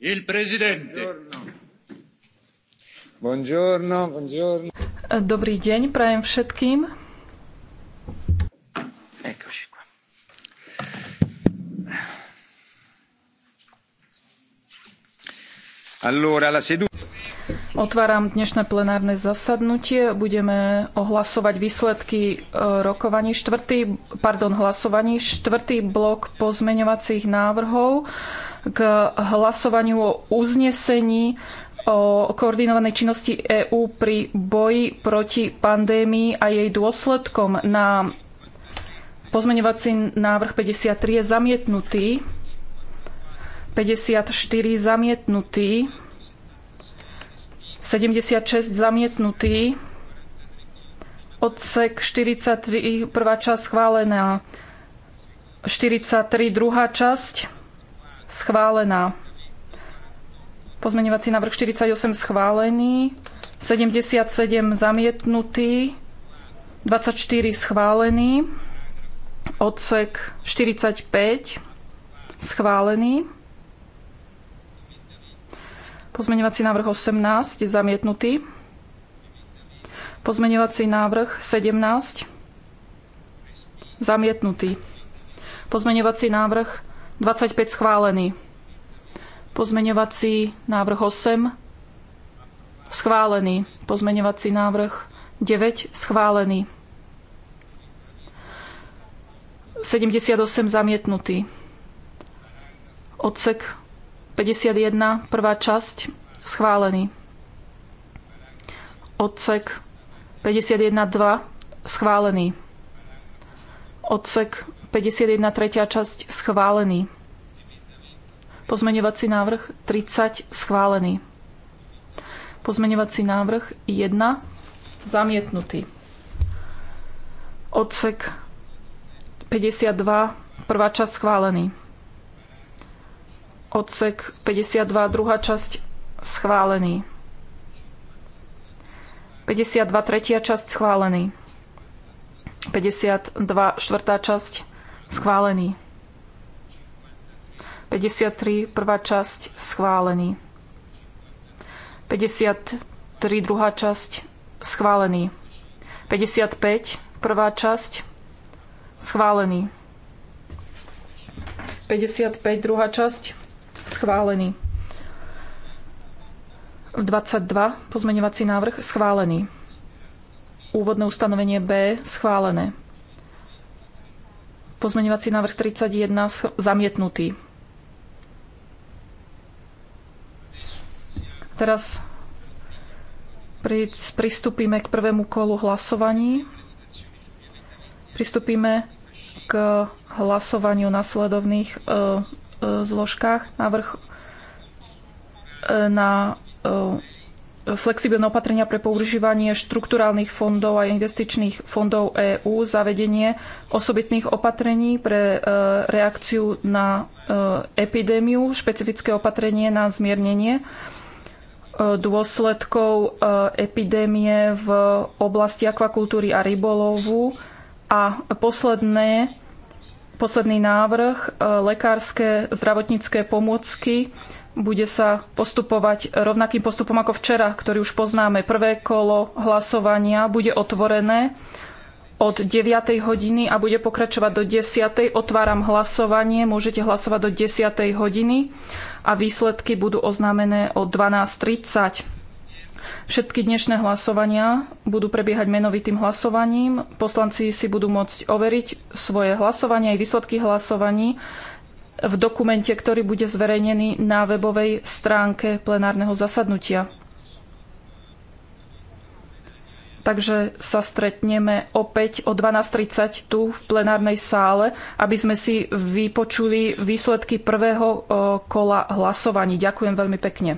Il presidente. Buongiorno. Buongiorno. Dobrý deň prajem všetkým. Eccoci qua. Allora, la seduta... Otváram dnešné plenárne zasadnutie. Budeme ohlasovať výsledky e, rokovaní štvrtý, pardon, hlasovaní štvrtý blok pozmeňovacích návrhov k hlasovaniu o uznesení o koordinovanej činnosti EÚ pri boji proti pandémii a jej dôsledkom na pozmeňovací návrh 53 je zamietnutý, 54 zamietnutý, 76 zamietnutý, odsek 43 prvá časť schválená, 43 druhá časť schválená. Pozmeňovací návrh 48 schválený, 77 zamietnutý, 24 schválený, odsek 45 schválený, pozmeňovací návrh 18 zamietnutý, pozmeňovací návrh 17 zamietnutý, pozmeňovací návrh 25 schválený. Pozmeňovací návrh 8 schválený. Pozmeňovací návrh 9 schválený. 78 zamietnutý. Odsek 51, prvá časť, schválený. Odsek 51.2, schválený. Odsek 51. tretia časť schválený. Pozmeňovací návrh 30 schválený. Pozmeňovací návrh 1 zamietnutý. Odsek 52 prvá časť schválený. Odsek 52 druhá časť schválený. 52 tretia časť schválený. 52 štvrtá časť Schválený. 53, prvá časť, schválený. 53, druhá časť, schválený. 55, prvá časť, schválený. 55, druhá časť, schválený. 22, pozmeňovací návrh, schválený. Úvodné ustanovenie B, schválené. Pozmeňovací návrh 31 zamietnutý. Teraz pristúpime k prvému kolu hlasovaní. Pristúpime k hlasovaniu na sledovných e, e, zložkách. Návrh e, na flexibilné opatrenia pre používanie štrukturálnych fondov a investičných fondov EÚ, zavedenie osobitných opatrení pre e, reakciu na e, epidémiu, špecifické opatrenie na zmiernenie e, dôsledkov epidémie v oblasti akvakultúry a rybolovu a posledné, posledný návrh lekárske zdravotnícke pomôcky bude sa postupovať rovnakým postupom ako včera, ktorý už poznáme. Prvé kolo hlasovania bude otvorené od 9. hodiny a bude pokračovať do 10. Otváram hlasovanie, môžete hlasovať do 10. hodiny a výsledky budú oznámené o 12.30. Všetky dnešné hlasovania budú prebiehať menovitým hlasovaním. Poslanci si budú môcť overiť svoje hlasovanie aj výsledky hlasovaní v dokumente, ktorý bude zverejnený na webovej stránke plenárneho zasadnutia. Takže sa stretneme opäť o 12.30 tu v plenárnej sále, aby sme si vypočuli výsledky prvého eh, kola hlasovaní. Ďakujem veľmi pekne.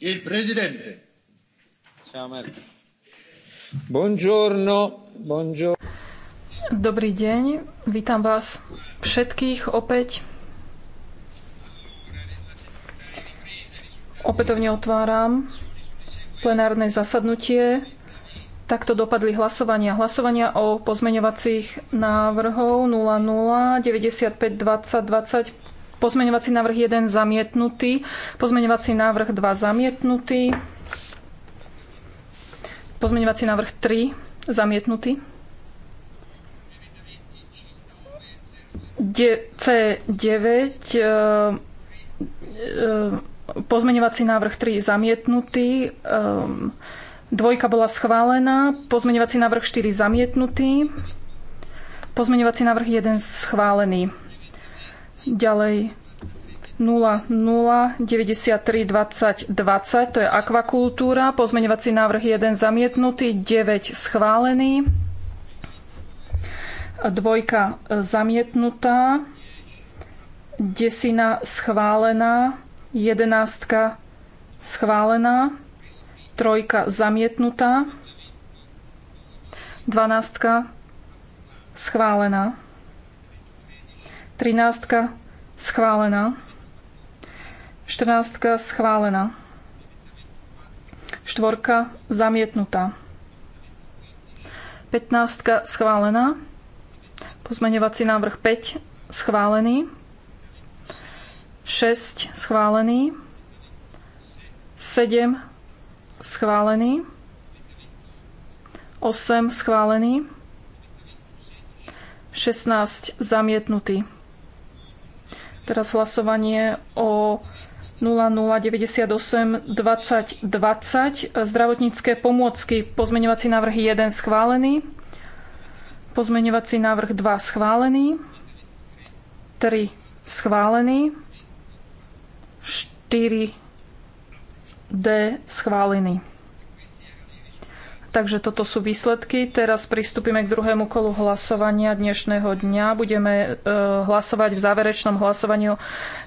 Il presidente. Ciao Merkel. Buongiorno. Buongiorno. Dobrý deň, vítam vás všetkých opäť. Opätovne otváram plenárne zasadnutie. Takto dopadli hlasovania. Hlasovania o pozmeňovacích návrhov 00, 95, 20, 20, Pozmeňovací návrh 1 zamietnutý. Pozmeňovací návrh 2 zamietnutý. Pozmeňovací návrh 3 zamietnutý. C9 eh, eh, pozmeňovací návrh 3 zamietnutý, eh, dvojka bola schválená, pozmeňovací návrh 4 zamietnutý, pozmeňovací návrh 1 schválený. Ďalej 0, 0, 93, 20, 20, to je akvakultúra. Pozmeňovací návrh 1 zamietnutý, 9 schválený, dvojka zamietnutá, desina schválená, jedenástka schválená, trojka zamietnutá, dvanáctka schválená. 13 schválená. 14 schválená. Štvorka zamietnutá. 15 schválená. Pozmeňovací návrh 5 schválený. 6 schválený. 7 schválený. 8 schválený. 16 zamietnutý. Teraz hlasovanie o 0098 2020 zdravotnícke pomôcky. Pozmeňovací návrh 1 schválený. Pozmeňovací návrh 2 schválený. 3 schválený. 4 D schválený. Takže toto sú výsledky. Teraz pristúpime k druhému kolu hlasovania dnešného dňa. Budeme e, hlasovať v záverečnom hlasovaní o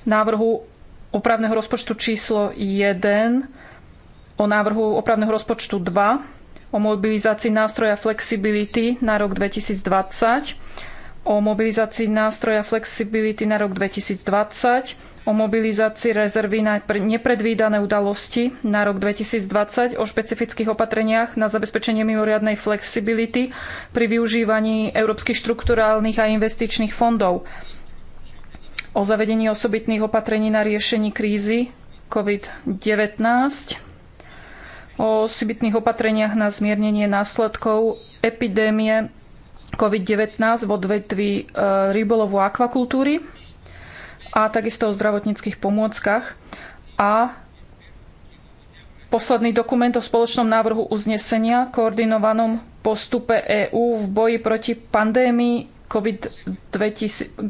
návrhu opravného rozpočtu číslo 1, o návrhu opravného rozpočtu 2, o mobilizácii nástroja flexibility na rok 2020, o mobilizácii nástroja flexibility na rok 2020, o mobilizácii rezervy na nepredvídané udalosti na rok 2020, o špecifických opatreniach na zabezpečenie mimoriadnej flexibility pri využívaní európskych štrukturálnych a investičných fondov, o zavedení osobitných opatrení na riešenie krízy COVID-19, o osobitných opatreniach na zmiernenie následkov epidémie COVID-19 v odvetví e, rybolovu a akvakultúry, a takisto o zdravotníckých pomôckach. A posledný dokument o spoločnom návrhu uznesenia koordinovanom postupe EÚ v boji proti pandémii COVID-19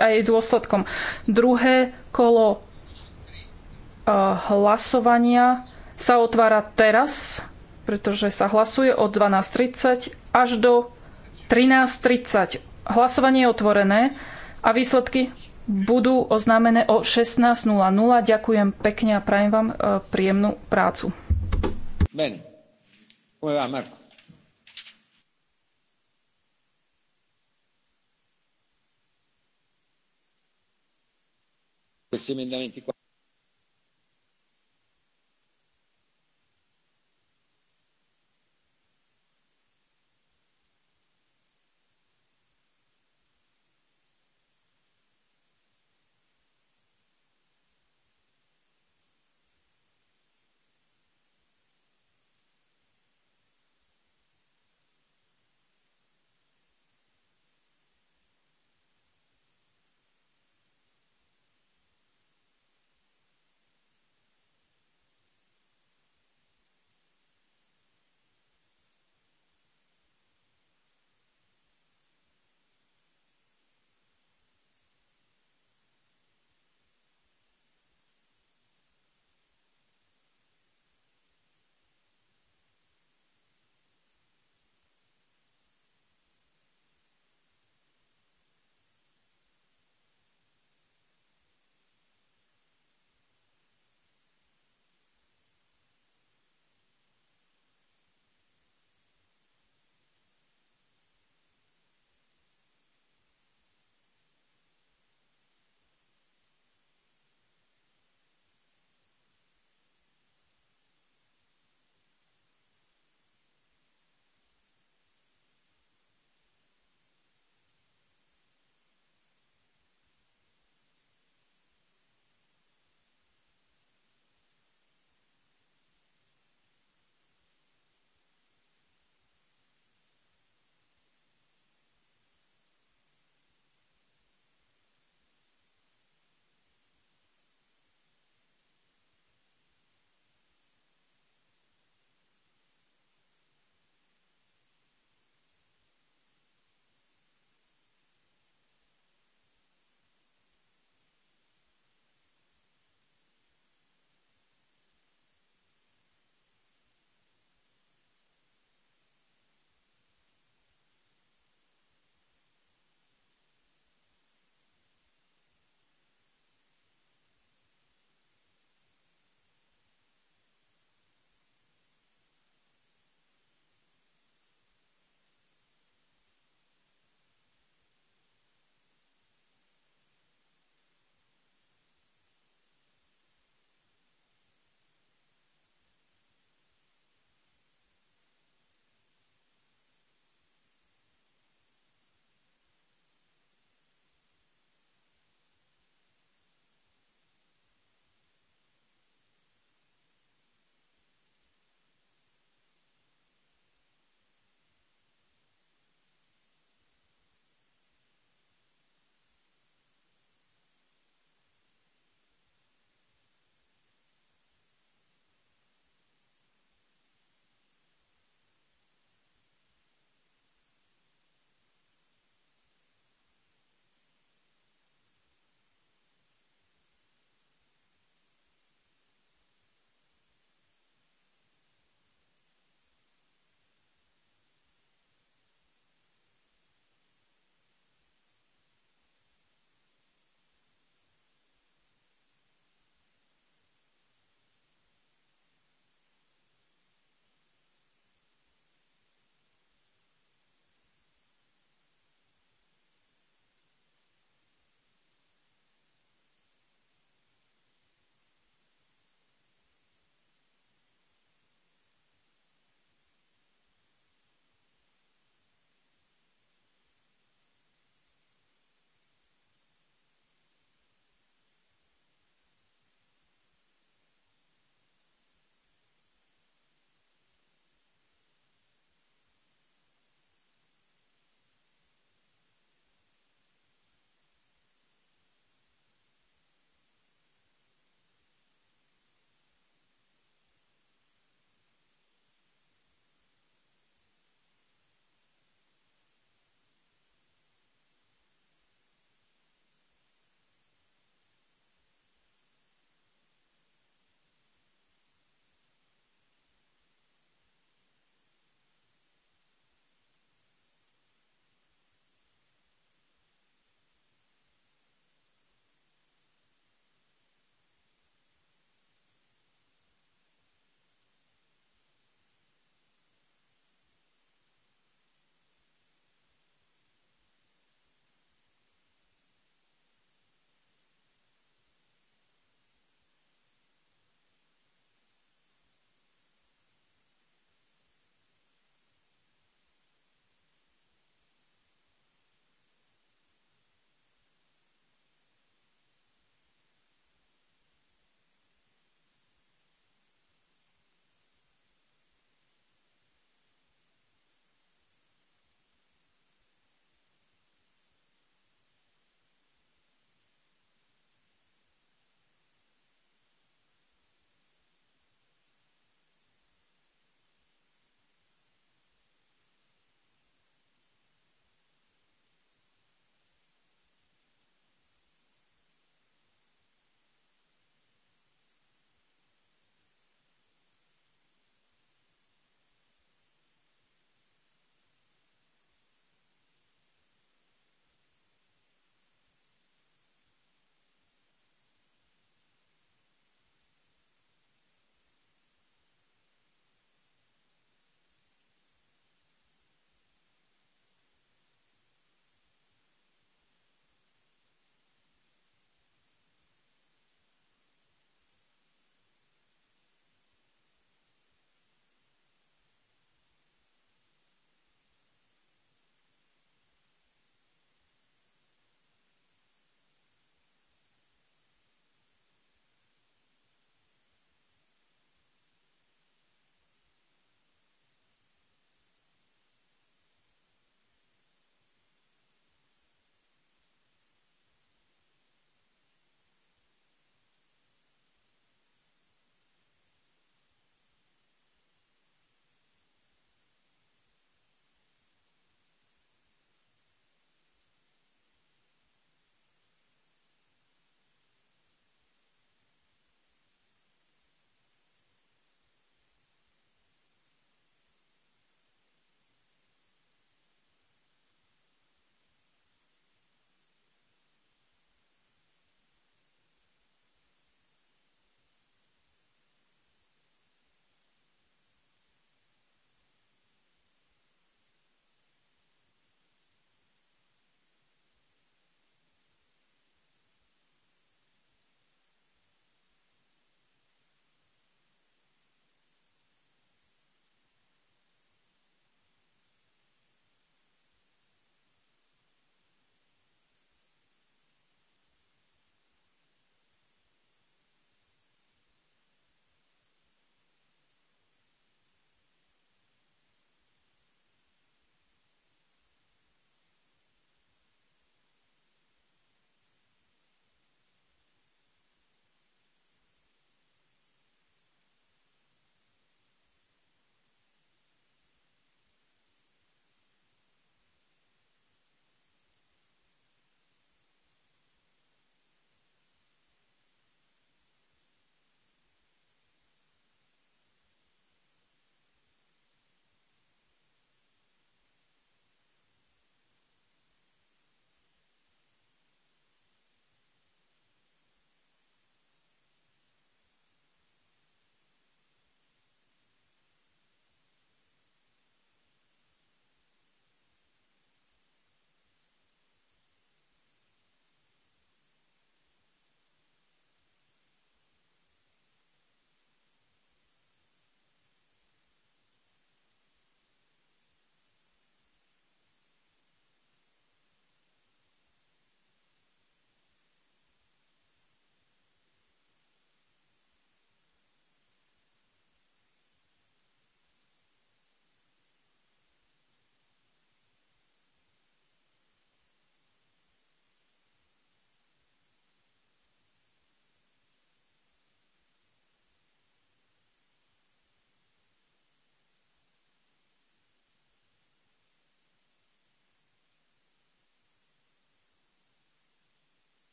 a jej dôsledkom. Druhé kolo uh, hlasovania sa otvára teraz, pretože sa hlasuje od 12.30 až do 13.30. Hlasovanie je otvorené a výsledky budú oznámené o 16.00. Ďakujem pekne a prajem vám e, príjemnú prácu. Bene. Come va, Marco? Questi emendamenti qua.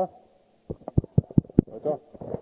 Hva? Vet du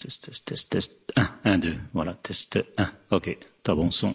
Test, test, test, test. 1, 1, 2. Voilà, test 1. OK, pas bon son.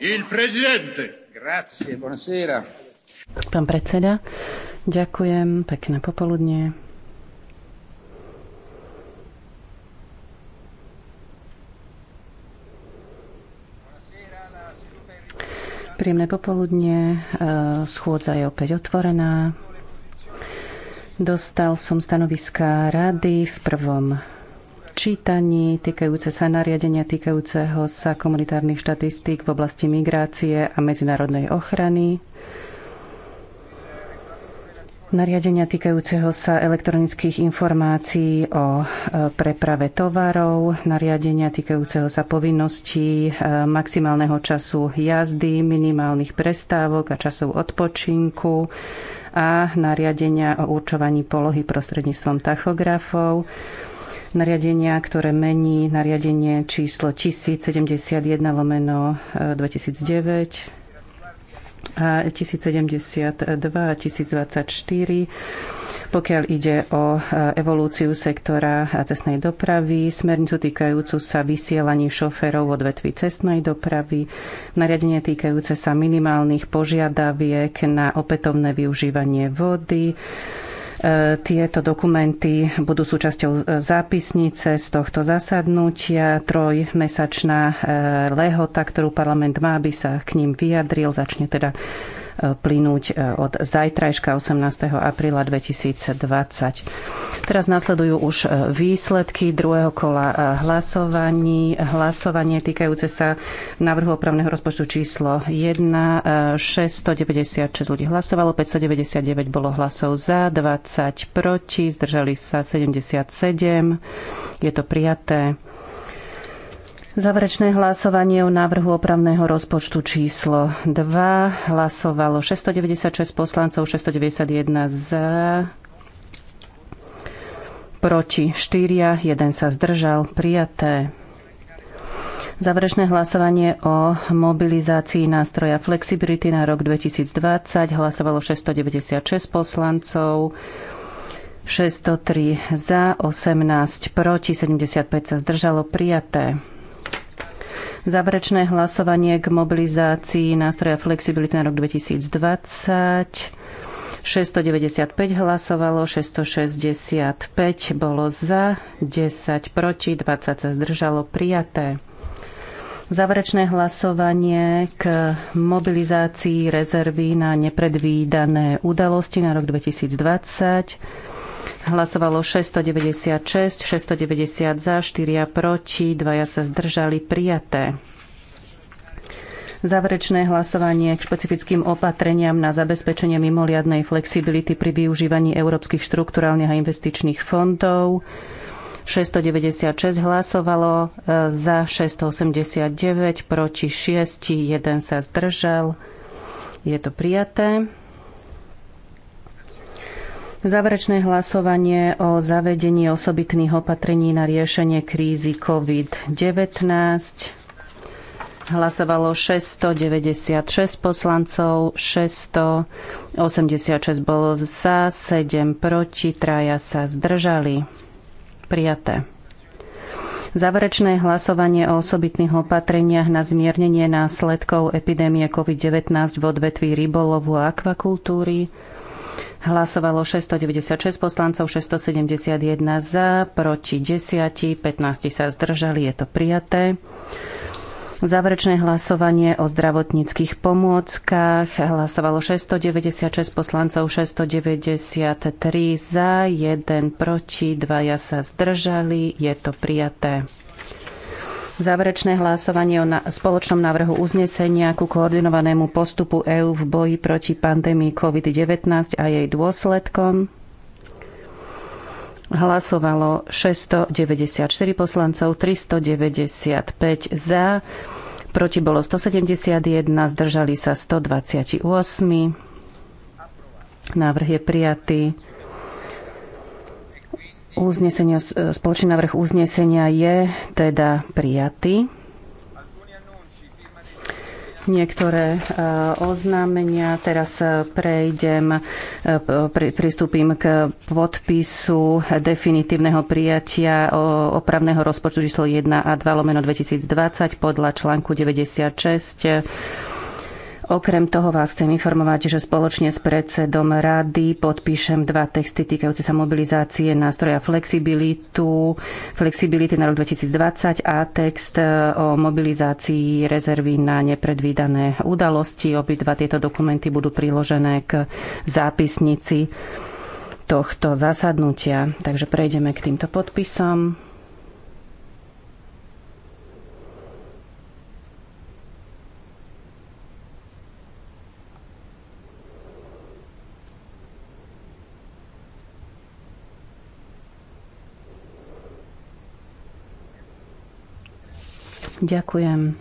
Il presidente. Grazie, buonasera. Pán predseda, ďakujem, pekné popoludnie. Príjemné popoludne, e, schôdza je opäť otvorená. Dostal som stanoviska rady v prvom čítaní týkajúce sa nariadenia týkajúceho sa komunitárnych štatistík v oblasti migrácie a medzinárodnej ochrany, nariadenia týkajúceho sa elektronických informácií o e, preprave tovarov, nariadenia týkajúceho sa povinností e, maximálneho času jazdy, minimálnych prestávok a časov odpočinku a nariadenia o určovaní polohy prostredníctvom tachografov, nariadenia, ktoré mení nariadenie číslo 1071 lomeno 2009 eh, a 1072 a 1024 pokiaľ ide o eh, evolúciu sektora eh, cestnej dopravy, smernicu týkajúcu sa vysielaní šoférov v odvetví cestnej dopravy, nariadenie týkajúce sa minimálnych požiadaviek na opätovné využívanie vody, E, tieto dokumenty budú súčasťou e, zápisnice z tohto zasadnutia. Trojmesačná e, lehota, ktorú parlament má, aby sa k ním vyjadril, začne teda plynúť e, od zajtrajška 18. apríla 2020. Teraz nasledujú už e, výsledky druhého kola e, hlasovaní. Hlasovanie týkajúce sa návrhu opravného rozpočtu číslo 1. 696 ľudí hlasovalo, 599 bolo hlasov za, 20 proti, zdržali sa 77. Je to prijaté. Záverečné hlasovanie o návrhu opravného rozpočtu číslo 2 hlasovalo 696 poslancov, 691 za, proti 4, 1 sa zdržal, prijaté. Záverečné hlasovanie o mobilizácii nástroja Flexibility na rok 2020 hlasovalo 696 poslancov, 603 za, 18 proti, 75 sa zdržalo prijaté. Záverečné hlasovanie k mobilizácii nástroja flexibility na rok 2020. 695 hlasovalo, 665 bolo za, 10 proti, 20 sa zdržalo prijaté. Záverečné hlasovanie k mobilizácii rezervy na nepredvídané udalosti na rok 2020 hlasovalo 696, 690 za, 4 proti, 2 sa zdržali, prijaté. Záverečné hlasovanie k špecifickým opatreniam na zabezpečenie mimoliadnej flexibility pri využívaní európskych štrukturálnych a investičných fondov. 696 hlasovalo e, za 689, proti 6, 1 sa zdržal. Je to prijaté. Záverečné hlasovanie o zavedení osobitných opatrení na riešenie krízy COVID-19. Hlasovalo 696 poslancov, 686 bolo za, 7 proti, traja sa zdržali. Prijaté. Záverečné hlasovanie o osobitných opatreniach na zmiernenie následkov epidémie COVID-19 v odvetví rybolovu a akvakultúry Hlasovalo 696 poslancov, 671 za, proti 10, 15 sa zdržali, je to prijaté. Záverečné hlasovanie o zdravotníckých pomôckach. Hlasovalo 696 poslancov, 693 za, 1 proti, 2 sa zdržali. Je to prijaté záverečné hlasovanie o na- spoločnom návrhu uznesenia ku koordinovanému postupu EÚ v boji proti pandémii COVID-19 a jej dôsledkom. Hlasovalo 694 poslancov, 395 za, proti bolo 171, zdržali sa 128. Návrh je prijatý. Uznesenia, spoločný návrh uznesenia je teda prijatý. Niektoré e, oznámenia. Teraz e, prejdem, e, pristúpim k podpisu definitívneho prijatia opravného rozpočtu číslo 1 a 2 lomeno 2020 podľa článku 96 Okrem toho vás chcem informovať, že spoločne s predsedom rady podpíšem dva texty týkajúce sa mobilizácie nástroja flexibilitu, flexibility na rok 2020 a text e, o mobilizácii rezervy na nepredvídané udalosti. Obidva tieto dokumenty budú priložené k zápisnici tohto zasadnutia. Takže prejdeme k týmto podpisom. Ďakujem.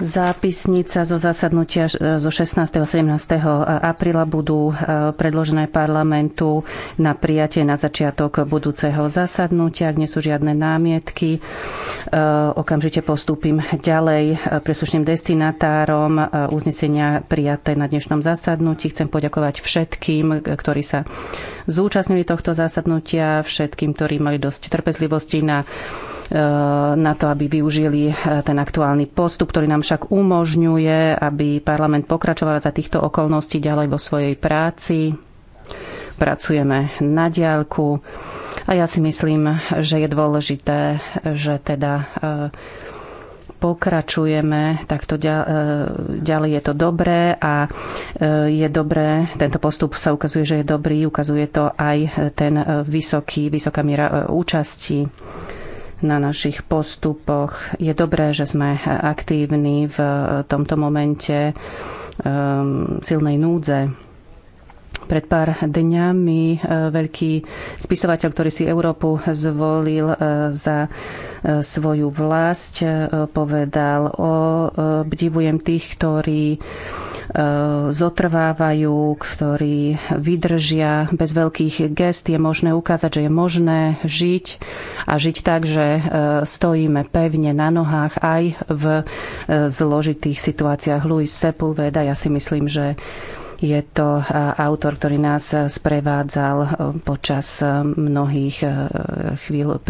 Zápisnica zo zasadnutia e, zo 16. a 17. E, apríla budú e, predložené parlamentu na prijatie na začiatok budúceho zasadnutia. Ak nie sú žiadne námietky, okamžite postúpim ďalej príslušným destinatárom uznesenia prijaté na dnešnom zasadnutí. Chcem poďakovať všetkým, ktorí sa zúčastnili tohto zasadnutia, všetkým, ktorí mali dosť trpezlivosti na Eh, na to, aby využili eh, ten aktuálny postup, ktorý nám však umožňuje, aby parlament pokračoval za týchto okolností ďalej vo svojej práci. Pracujeme na diálku a ja si myslím, že je dôležité, že teda eh, pokračujeme, takto ďalej je to dobré a je dobré, tento postup sa ukazuje, že je dobrý, ukazuje to aj ten vysoký, vysoká miera účasti na našich postupoch. Je dobré, že sme aktívni v tomto momente ehm, silnej núdze pred pár dňami e, veľký spisovateľ, ktorý si Európu zvolil e, za e, svoju vlast, povedal, o obdivujem tých, ktorí zotrvávajú, ktorí vydržia bez veľkých gest. Je možné ukázať, že je možné žiť a žiť tak, že stojíme pevne na nohách aj v zložitých situáciách. Luis Sepulveda, ja si myslím, že je to e, autor, ktorý nás e, sprevádzal e, počas mnohých chvíľ